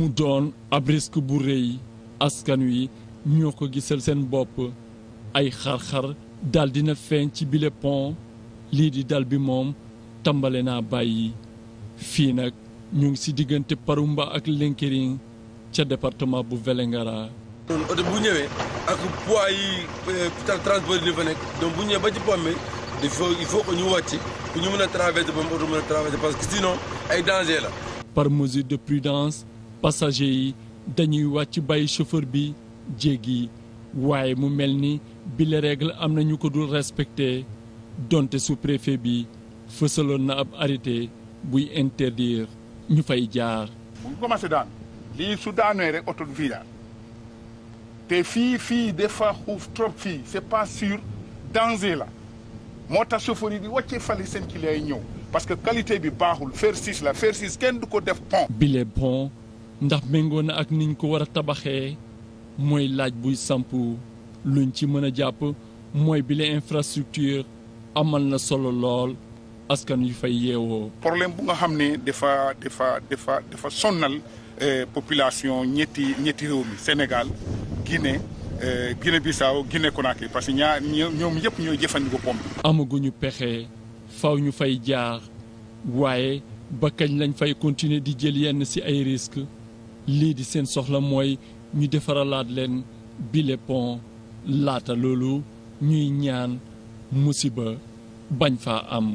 mu doon ab risque bu rëy askan wi ñoo ko gisal seen bopp ay xar-xar dal dina feeñ ci bile pont lii di dal bi moom tàmbale naa bàyyi fii nag ñu ngi si diggante Paroumba ak Lenkerin ca département bu Vélingara. noonu oto bu ñëwee ak poids euh, transport yi fa nekk donc bu ñëwee ba ci pomme il faut il ñu wàcc pour ñu mën a traverser ba mu oto mën a parce que sinon ay danger la. passager yi dañuy wàcc bàyyi chauffeur bi jéggi waaye mu mel ni bile règle am na ñu ko dul respecté donte sous bi fësaloon na ab arrêté buy interdire ñu fay jaar. bu commencé daan lii su daanee rek oto du fii daal te fii fii dafa xuuf trop fii c'est pas sûr danger la moo tax chauffeur yi di wàccee fali seen client yi ñëw parce que qualité bi baaxul fer la fer kenn du ko def pont. bile pont. ndax méngoo na ak niñ ko war a tabaxee mooy laaj buy samp luñ ci mën a jàpp mooy bile infrastructure amal na solo lool askan yu fay yeewoo. problème bu nga xam ne dafa dafa dafa dafa sonnal eh, population ñetti ñetti réew mi Sénégal Guinée eh, Guinée Bissau Guinée Conakry parce que ñaar ñoom yëpp ñooy jëfandikoo pom amaguñu pexe faw ñu fay jaar waaye ba kañ lañ fay continuer di jël yenn ci ay risques. lii di seen soxla mooy ñu defaralaat leen bile pont laata loolu ñuy ñaan musiba bañ fa am